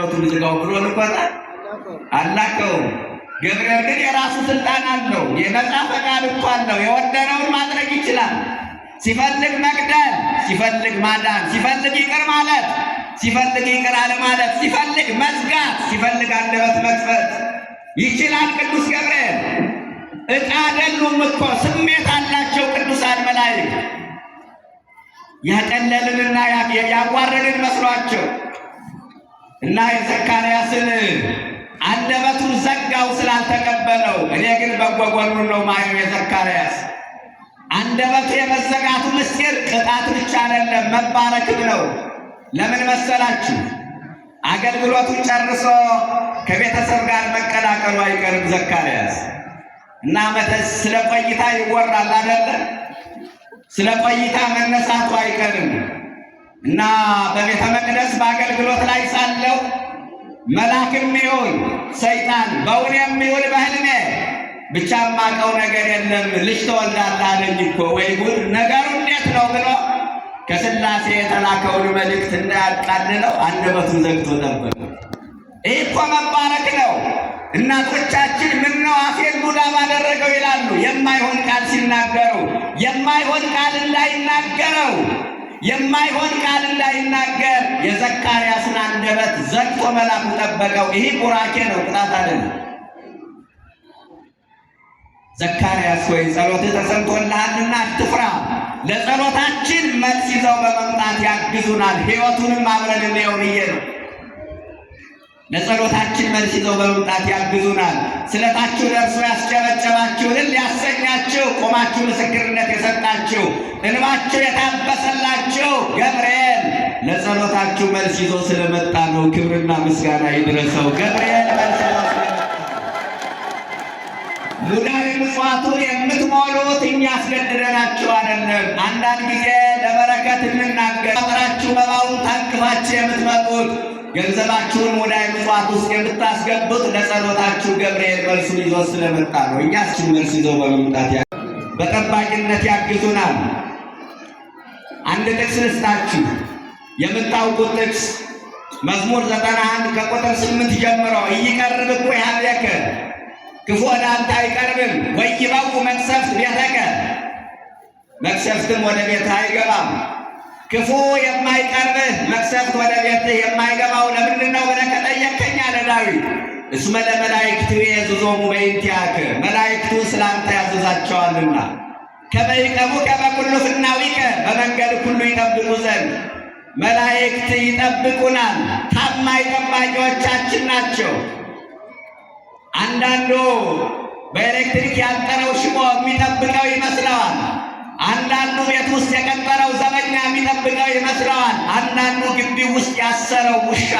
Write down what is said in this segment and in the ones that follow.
ረቱ ልዝጋው ብሎ ልኮታል። አላከውም። ገብርኤል ግን የራሱ ስልጣን አለው። የነፃ ፈቃድ እኮ አለው። የወደነውን ማድረግ ይችላል። ሲፈልግ መግደል፣ ሲፈልግ ማዳን፣ ሲፈልግ ይቅር ማለት፣ ሲፈልግ ይቅር አለ ሲፈልግ መዝጋት፣ ሲፈልግ አንደበት መክፈት ይችላል። ቅዱስ ገብርኤል ዕቃ አይደሉም እኮ ስሜት አላቸው። ቅዱሳን መላእክት ያቀለልንና ያዋረድን መስሏቸው እና የዘካርያስን አንደበቱን ዘጋው ስላልተቀበለው። እኔ ግን በጎ ጎኑን ነው ማየው። የዘካርያስ አንደበቱ የመዘጋቱ ምስጢር ቅጣት ብቻ አይደለም መባረክም ነው። ለምን መሰላችሁ? አገልግሎቱን ጨርሶ ከቤተሰብ ጋር መቀላቀሉ አይቀርም ዘካርያስ እና ስለ ቆይታ ይወራል አይደለ? ስለ ቆይታ መነሳቱ አይቀርም። እና በቤተ መቅደስ በአገልግሎት ላይ ሳለው መልአክም ይሁን ሰይጣን በእውን ይሁን በህልሜ ብቻ ማቀው ነገር የለም ልጅ ተወልዳለህ እኮ። ወይ ጉድ! ነገሩ እንዴት ነው ብሎ ከስላሴ የተላከውን መልእክት እንዳያቃልለው አንደበቱን ዘግቶ ጠበቀ። ይህ እኮ መባረክ ነው። እናቶቻችን ነው አፌን ሙላ ባደረገው ይላሉ። የማይሆን ቃል ሲናገሩ የማይሆን ቃል እንዳይናገረው የማይሆን ቃል እንዳይናገር የዘካርያስን አንደበት ዘግቶ መላኩ ጠበቀው። ይህ ቡራኬ ነው፣ ቅጣት አይደለም። ዘካርያስ ሆይ ጸሎት ተሰምቶልሃልና አትፍራ፣ ለጸሎታችን መልስ ይዘው በመምጣት ያግዙናል፣ ሕይወቱንም አብረን እንየው ብዬ ነው። ለጸሎታችን መልስ ይዘው በመምጣት ያግዙናል። ስለታችሁ ለእርሱ ያስጨበጨባችሁንን ሊያሰኛችሁ ቆማችሁ ምስክርነት የሰጣችሁ እንባችሁ የታበሰላችሁ ገብርኤል ለጸሎታችሁ መልስ ይዞ ስለመጣ ነው። ክብርና ምስጋና ይድረሰው። ገብርኤል መልስ ሙዳዊ ምጽዋቱን የምትሞሉት እኛ አስገድደናችሁ አይደለም። አንዳንድ ጊዜ ለበረከት እንናገር ራችሁ መባውን ታቅፋችሁ የምትመጡት ገንዘባችሁን ወደ አይምጽዋት ውስጥ የምታስገቡት ለጸሎታችሁ ገብርኤል መልሱ ይዞ ስለመጣ ነው። እኛችን መልስ ይዘው በመምጣት ያ በጠባቂነት ያግዙናል። አንድ ጥቅስ ልስጣችሁ የምታውቁት ጥቅስ መዝሙር ዘጠና አንድ ከቁጥር ስምንት ጀምሮ እይቀርብ እኮ ያለከ ክፉ ወደ አንተ አይቀርብም ወይ ይባቡ መቅሰፍት ቤተከ መቅሰፍትም ወደ ቤት አይገባም ክፉ የማይቀርብህ መቅሰፍት ወደ ቤትህ የማይገባው ለምንድን ነው ብለህ ከጠየከኝ አለ ዳዊት። እስመ ለመላእክቱ የእዝዞሙ በእንቲአከ መላእክቱ ስላንተ ያዘዛቸዋልና ከመይቀቡ ከበኩሉ ፍናዊከ በመንገድ ሁሉ ይጠብቁ ዘንድ መላእክት ይጠብቁናል። ታማኝ ጠባቂዎቻችን ናቸው። አንዳንዱ በኤሌክትሪክ ያጠረው ሽቦ የሚጠብቀው ይመስለዋል። አንዳንዱ ቤት ውስጥ የቀጠረው ግቢ ውስጥ ያሰረው ውሻ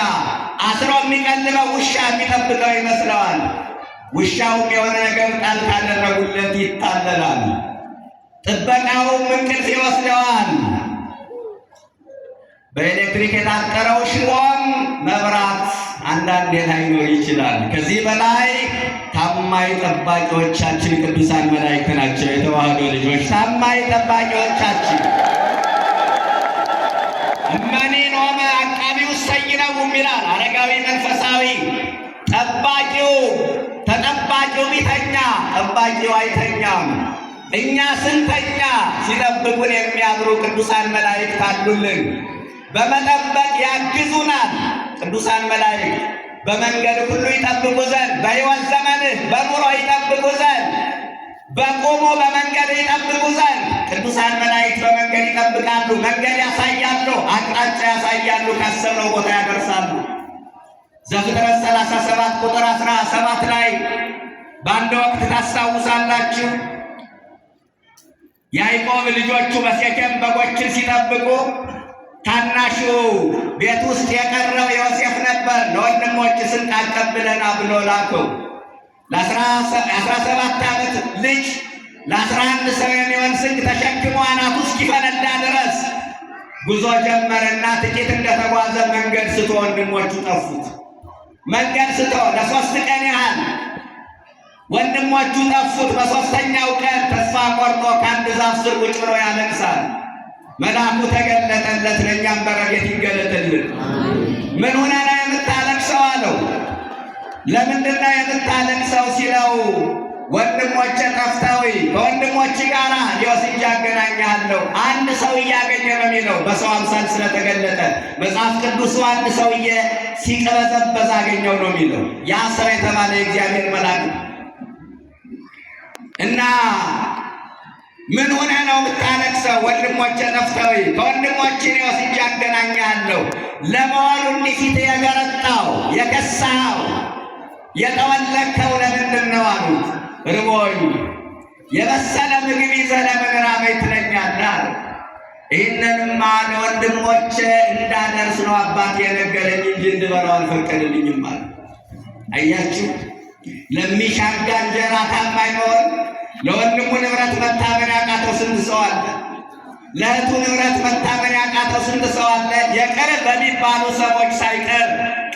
አስሮ የሚቀልበው ውሻ የሚጠብቀው ይመስለዋል። ውሻውም የሆነ ነገር ቃል ካደረጉለት ይታለላል። ጥበቃውም እንቅልፍ ይወስደዋል። በኤሌክትሪክ የታጠረው ሽቦም መብራት አንዳንዴ ላይኖር ይችላል። ከዚህ በላይ ታማኝ ጠባቂዎቻችን ቅዱሳን መላእክት ናቸው። የተዋህዶ ልጆች ታማኝ ጠባቂዎቻችን እመኒ ኖመ አቃቢው ሰይነው ይላል አረጋዊ መንፈሳዊ ጠባቂው ተጠባቂው ቢተኛ ጠባቂው አይተኛም። እኛ ስንተኛ ሲጠብቁን የሚያድሩ ቅዱሳን መላእክት አሉልን። በመጠበቅ ያግዙናል። ቅዱሳን መላእክት በመንገድ ሁሉ ይጠብቁ ዘንድ በሕይወት ዘመንህ በኑሮ ይጠብቁ ዘንድ በቆሞ በመንገድ ይጠብቁ ዘንድ ቅዱሳን መላእክት በመንገድ ይጠብቃሉ፣ መንገድ ያሳያሉ፣ አቅጣጫ ያሳያሉ፣ ካሰብነው ቦታ ያደርሳሉ። ዘፍጥረት 37 ቁጥር 17 ላይ በአንድ ወቅት ታስታውሳላችሁ። ያዕቆብ ልጆቹ በሴኬም በጎችን ሲጠብቁ ታናሹ ቤት ውስጥ የቀረው ዮሴፍ ነበር። ለወንድሞች ስንቅ አቀብለና ብሎ ላከው። ለአስራ ሰባት ዓመት ልጅ ለአስራ አንድ ሰው የሚሆን ስንቅ ተሸክሞ አናቱ እስኪፈነዳ ድረስ ጉዞ ጀመረና ጥቂት እንደተጓዘ መንገድ ስቶ ወንድሞቹ ጠፉት። መንገድ ስቶ ለሶስት ቀን ያህል ወንድሞቹ ጠፉት። በሶስተኛው ቀን ተስፋ ቆርጦ ከአንድ ዛፍ ስር ቁጭ ብሎ ያለቅሳል። መልአኩ ተገለጠለት። ለእኛም በረከት ይገለጥልን። ምን ሆነ ነው የምታለቅሰው አለው። ለምንድነው የምታለቅሰው ሲለው ወንድሞቼ ጠፍተው በወንድሞች ጋር ወስጄ አገናኛለሁ። አንድ ሰው እያገኘ ነው የሚለው በሰው አምሳል ስለተገለጠ መጽሐፍ ቅዱሱ አንድ ሰውዬ ሲቀበዘበዝ አገኘው ነው የሚለው ያ ስራ የተባለ የእግዚአብሔር መልአክ እና ምን ሆነ ነው የምታለቅሰው? ወንድሞቼ ጠፍተው ከወንድሞቼ ወስጄ አገናኛለሁ። ለመዋሉ እንዲፊት የገረጣው የከሳው የጠወለከው ለምንድን ነው አሉት። ርቦኝ የበሰለ ምግብ ይዘህ ለምን ራበኝ ትለኛለህ አለ። ይህንንማ ለወንድሞቼ እንዳደርስ ነው አባት የነገረኝ እንጂ እንድበላው አልፈቀደልኝም አለ። አያችሁ ለሚሻጋ እንጀራ ታማኝ መሆን፣ ለወንድሙ ንብረት መታመን ያቃተው ስንት ሰው አለ። ለእህቱ ንብረት መታመን ያቃተው ስንት ሰው አለ። የቅርብ በሚባሉ ሰዎች ሳይቀር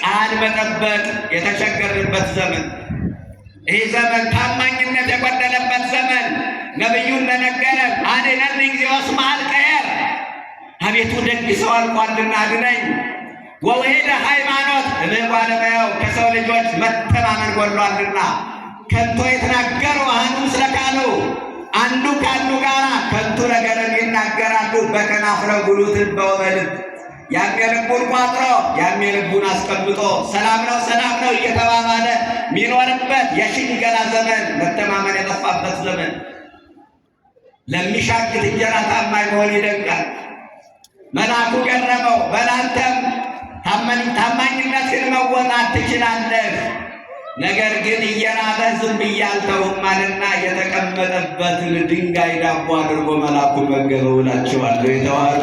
ቃል መጠበቅ የተቸገርንበት ዘመን፣ ይህ ዘመን ታማኝነት የጎደለበት ዘመን ነቢዩ እንደነገረን አድነን እግዚኦስ መኃልየ ቀየር፣ አቤቱ ደግ ሰው አልፏልና አድነኝ። ወውሕደ ሃይማኖት እምእጓለመያው ከሰው ልጆች መተማመን ጎሏልና ከንቶ የተናገሩ አህኑ ምስለ አንዱ ካሉ ጋራ ከንቱ ነገርን ይናገራሉ። በከናፍረው ብሉትን በወበልን የሚልቡን ቋጥሮ የሚልቡን አስቀምጦ ሰላም ነው ሰላም ነው እየተባባለ የሚኖርበት የሽንገላ ዘመን፣ መተማመን የጠፋበት ዘመን። ለሚሻግት እንጀራ ታማኝ መሆን ይደንቃል። መልአኩ ገረመው፣ በላንተም ታማኝነትን መወጣት ትችላለህ፣ ነገር ግን እየራበ ዝም እያልተውም የተቀመጠበትን ድንጋይ ዳቦ አድርጎ መልአኩ መገበው የተዋሉ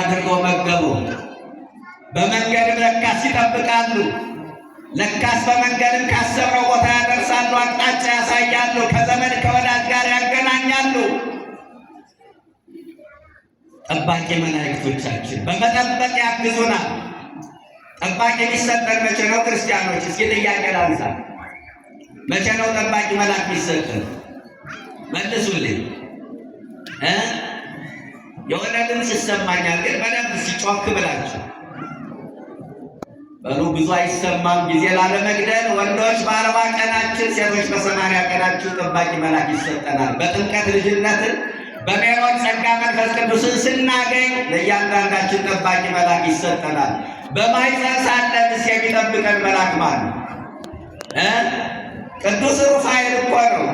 አድርገው መገቡ። በመንገድም ለካስ ይጠብቃሉ፣ ለካስ በመንገድም ካሰብነው ቦታ ያደርሳሉ፣ አቅጣጫ ያሳያሉ፣ ከዘመድ ከወዳጅ ጋር ያገናኛሉ። ጠባቂ መላእክቶቻችን በመጠበቅ ያግዙናል። ጠባቂ የሚሰጠን መቼ ነው? ክርስቲያኖች እስኪ ጥያቄ ላንሳ። መቼ ነው ጠባቂ መልአክ የሚሰጠን? መልሱልኝ እ የሆነ ድምፅ ይሰማኛል፣ ግን በደንብ ሲጮክ ብላችሁ በሉ። ብዙ አይሰማም። ጊዜ ላለመግደል ወንዶች በአርባ ቀናችን ሴቶች በሰማንያ ቀናችሁ ጠባቂ መልአክ ይሰጠናል። በጥምቀት ልጅነትን በሜሮን ጸጋ መንፈስ ቅዱስን ስናገኝ ለእያንዳንዳችን ጠባቂ መልአክ ይሰጠናል። በማይፀን ሳለንስ የሚጠብቀን መልአክ ማለት ቅዱስ ሩፋኤል እኮ ነው።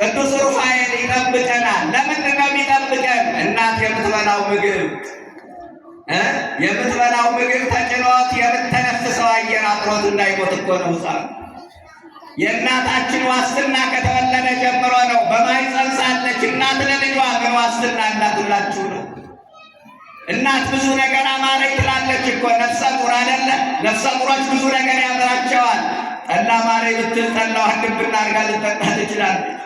ቅዱስ ሩፋኤል ይጠብቀናል። ለምንድን ነው የሚጠብቀን? እናት የምትበላው ምግብ የምትበላው ምግብ ተጭኖት የምትተነፍሰው አየር አጥሮት እንዳይሞት እኮ ነው ሕፃን የእናታችን ዋስትና ከተወለደ ጀምሮ ነው። በማኅፀን ሳለች እናት ለልጇ ምን ዋስትና እንዳትላችሁ ነው። እናት ብዙ ነገር አማረኝ ትላለች እኮ ነፍሰ ጡር አይደለ? ነፍሰ ጡሮች ብዙ ነገር ያምራቸዋል። ጠላ ማረኝ ብትል ጠላው አንድብና አድርጋ ልጠጣ ትችላለች።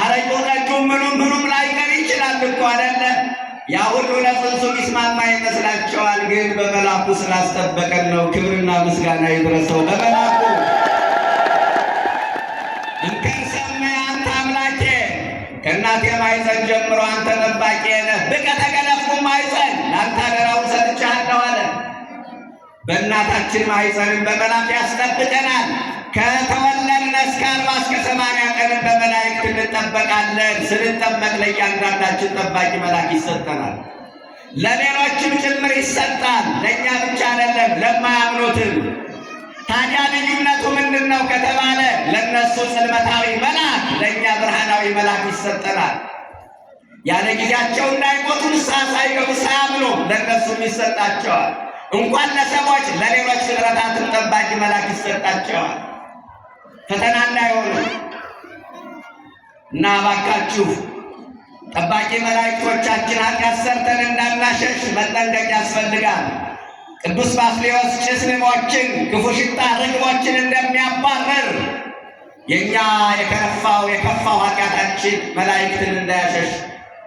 አረቆታችሁ ምኑም ምኑም ላይቀር ይችላል እኮ አይደለ? ያ ሁሉ ለጽንሱ ሚስማማ ይመስላቸዋል፣ ግን በመላኩ ስላስጠበቀን ነው። ክብርና ምስጋና ይድረሰው በመላኩ ከእናቴ ማይፀን ጀምሮ አንተ ጠባቂ ነህ። ብቀተ ከለፍኩ ማይፀን ለአንተ አደራውን ሰጥቻለሁ አለ። በእናታችን ማይፀንም በመላክ ያስጠብቀናል። ከተወለድን እስከ አርባ እስከ ሰማንያ ቀን በመላእክት እንጠበቃለን። ስንጠበቅ ለእያንዳንዳችን ጠባቂ መልአክ ይሰጠናል፣ ለሌሎችም ጭምር ይሰጣል። ለእኛ ብቻ አይደለም፣ ለማያምኑትም። ታዲያ ልዩነቱ ምንድን ነው ከተባለ ለእነሱ ጽልመታዊ መልአክ፣ ለእኛ ብርሃናዊ መልአክ ይሰጠናል። ያለ ጊዜያቸው እንዳይሞቱ ንስሐ ሳይገቡ ሳያምኑ ለእነሱም ይሰጣቸዋል። እንኳን ለሰዎች ለሌሎች ፍጥረታትን ጠባቂ መልአክ ይሰጣቸዋል። ፈተና እንዳይሆኑ እና ባካችሁ ጠባቂ መላእክቶቻችን ኃጢአት ሰርተን እንዳናሸሽ መጠንቀቅ ያስፈልጋል። ቅዱስ ባስልዮስ ጭስ ልሞችን፣ ክፉ ሽታ ርግቦችን እንደሚያባረር የእኛ የከፋው የከፋው ኃጢአታችን መላእክትን እንዳያሸሽ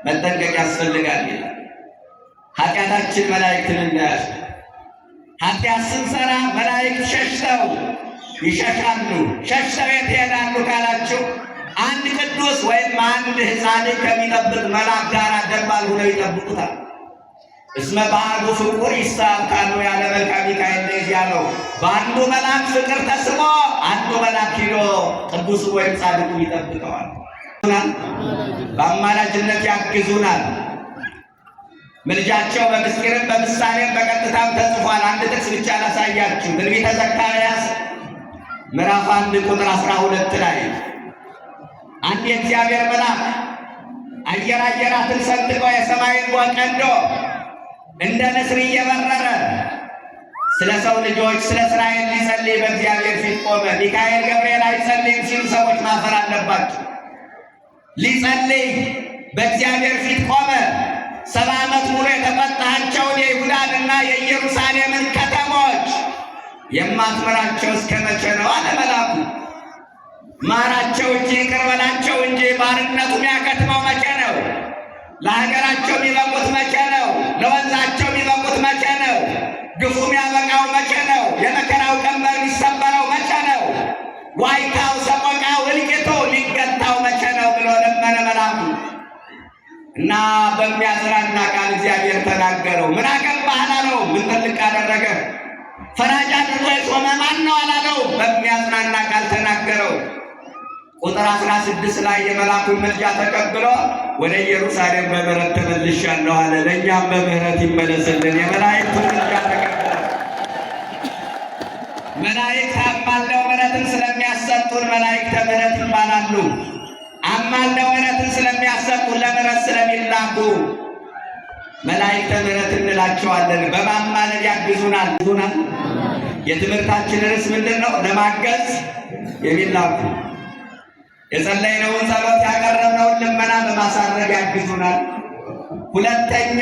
መጠንቀቅ ያስፈልጋል ይላል። ኃጢአታችን መላእክትን እንዳያሸሽ ኃጢአት ስንሰራ መላእክት ሸሽተው ይሸሻሉ፣ ሸሽተው የት ይሄዳሉ ካላችሁ አንድ ቅዱስ ወይም አንድ ሕፃን ከሚጠብቅ መልአክ ጋር ደባል ሁነው ይጠብቁታል። እስመ ባህሉ ፍቁር ይሳካሉ ያለ መልካ ሚካኤል እንደዚያ ነው። በአንዱ መልአክ ፍቅር ተስሞ አንዱ መልአክ ሂዶ ቅዱሱ ወይም ጻድቁ ይጠብቀዋል። በአማላጅነት ያግዙናል። ምልጃቸው በምስጢርም በምሳሌም በቀጥታም ተጽፏል። አንድ ጥቅስ ብቻ ላሳያችሁ። ትንቢተ ዘካርያስ ምዕራፍ አንድ ቁጥር አስራ ሁለት ላይ አንድ የእግዚአብሔር መልአክ አየር አየራትን ሰንጥቆ የሰማይን ቀንዶ እንደ ንስር እየበረረ ስለ ሰው ልጆች ስለ እስራኤል ሊጸልይ በእግዚአብሔር ፊት ቆመ። ሚካኤል ገብርኤል አይጸልይም ሲሉ ሰዎች ማፈር አለባቸው። ሊጸልይ በእግዚአብሔር ፊት ቆመ። ሰባ ዓመት ሙሉ የተቆጣሃቸውን የይሁዳንና የኢየሩሳሌምን ከተሞች የማትምራቸው እስከ መቼ ነው አለ መልአኩ። ማራቸው እንጂ ይቅር በላቸው እንጂ ባርነቱ የሚያከትመው መቼ ነው? ለሀገራቸው የሚበቁት መቼ ነው? ለወንዛቸው የሚበቁት መቼ ነው? ግፉ የሚያበቃው መቼ ነው? የመከራው ቀንበር የሚሰበረው መቼ ነው? ዋይታው፣ ሰቆቃው፣ እልቂቱ ሊገታው መቼ ነው ብሎ ለመነ መላኩ እና በሚያስራና ቃል እግዚአብሔር ተናገረው። ምን ፈራጅ አድርጎ የቆመ ማን ነው አላለው። በሚያጽናና ቃል ተናገረው። ቁጥር አስራ ስድስት ላይ የመልአኩን መልጃ ተቀብሎ ወደ ኢየሩሳሌም በምህረት ተመልሻለሁ አለ። ለእኛም በምህረት ይመለስልን። የመላእክቱን መልጃ ተቀብሎ መላእክት አማልደው ምህረትን ስለሚያሰጡን መላእክተ ምህረት ይባላሉ። አማልደው ምህረትን ስለሚያሰጡን ለምህረት ስለሚላኩ መላእክተ ምሕረት እንላቸዋለን። በማማለድ ያግዙናል። የትምህርታችን ርዕስ ምንድን ነው? ለማገዝ የሚላኩ የጸለይነውን ጸሎት ያቀረብነውን ልመና በማሳረግ ያግዙናል። ሁለተኛ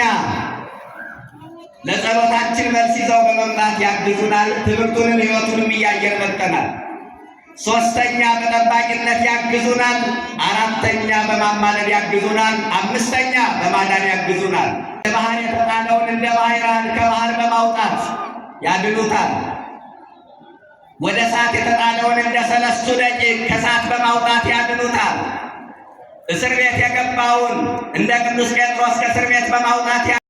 ለጸሎታችን መልስ ይዘው በመምጣት ያግዙናል። ትምህርቱንም ሕይወቱንም እያየን መጠናል። ሶስተኛ በጠባቂነት ያግዙናል። አራተኛ በማማለድ ያግዙናል። አምስተኛ በማዳን ያግዙናል። ለባህር የተጣለውን እንደ ባህራን ከባህር በማውጣት ያድኑታል። ወደ እሳት የተጣለውን እንደ ሰለስቱ ደቂቅ ከእሳት በማውጣት ያድኑታል። እስር ቤት የገባውን እንደ ቅዱስ ጴጥሮስ ከእስር ቤት በማውጣት